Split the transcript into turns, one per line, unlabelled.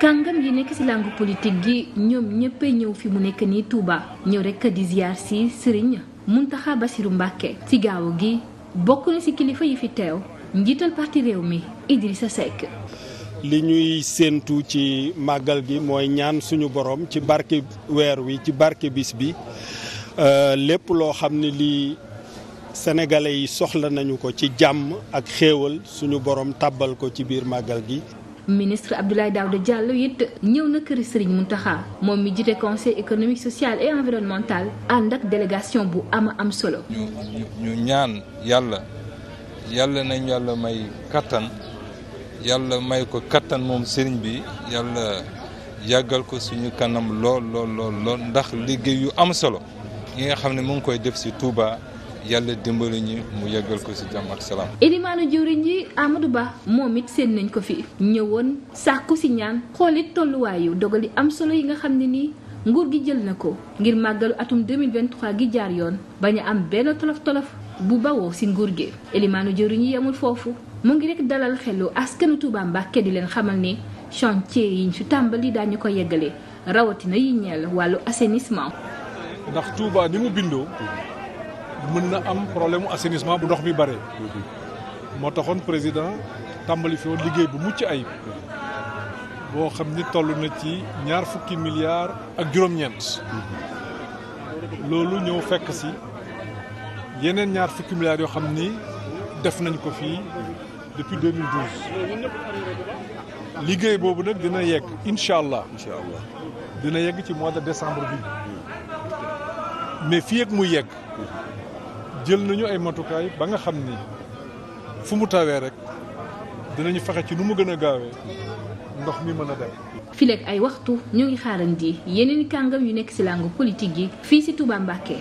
kàngam yi nekk ci langue politique gi ñoom ñëppay ñëw fi mu nekk ni tuuba ñëw rek di ziar ci Serigne Mountakha Bassirou Mbacké ci gaaw gi bokk na ci kilifa yi fi teew njiital parti réew mi Idrissa Seck.
li ñuy séentu ci màggal gi mooy ñaan suñu boroom ci barke weer wi ci barke bis bi euh, lépp loo xam ne lii sénégalais yi soxla nañu ko ci jàmm ak xéewal suñu boroom tàbbal ko ci biir màggal gi.
ministre Abdoulaye Daouda Diallo it ñëw na kër mu Mountakha moom mu jiite conseil économique social et environnemental ànd ak délégation bu am am solo.
ñu ñaan yàlla yàlla nañu yàlla may kattan yàlla may ko kattan moom Serigne bi yàlla yàggal ko suñu kanam lool lool ndax liggéey yu am solo yi nga xam ne mu ngi koy def ci Touba. yàlla dimbali ñi mu yeggal ko si jàmm ak salaam.
Elimaanu jëwriñ yi Amadou Ba moom it seen nañ ko fi ñëwoon sàkku si ñaan xoolit tolluwaayu dogali am solo yi nga xam ne nii nguur gi jël na ko ngir màggalu atum 2023 gi jaar yoon ba ñu am benn tolof tolof bu bawoo si nguur gi Elimaanu jëwriñ yi yamul foofu mu ngi rek dalal xelu askanu Touba Mbàkke di leen xamal ne chantier yiñ su tàmbali daañu ko yeggale rawatina yi ñeel wàllu assainissement.
ndax Touba ni mu bindoo. mën na am problème mu assainissement bu ndox mi bare. moo taxoon président tàmbali fi woon liggéey bu mucc ayib boo xam ni toll na ci ñaar fukki milliards ak juróom-ñeent. loolu ñëw fekk si yeneen ñaar fukki milliards yoo xam ni def nañ ko fii depuis 2012. liggéey boobu nag dina yegg incha allah. incha allah dina yegg ci mois de décembre bi mais fii ak muy yegg. jël nañu ay matukaay ba nga xam ni fu mu tawee rek dinañu fexe ci nu mu gën a gaawee ndox mi mën a dem.
fileeg ay waxtu ñu ngi xaarandi yeneen i kàngam yu nekk ci làngu politique yi fii ci Touba Mbacké.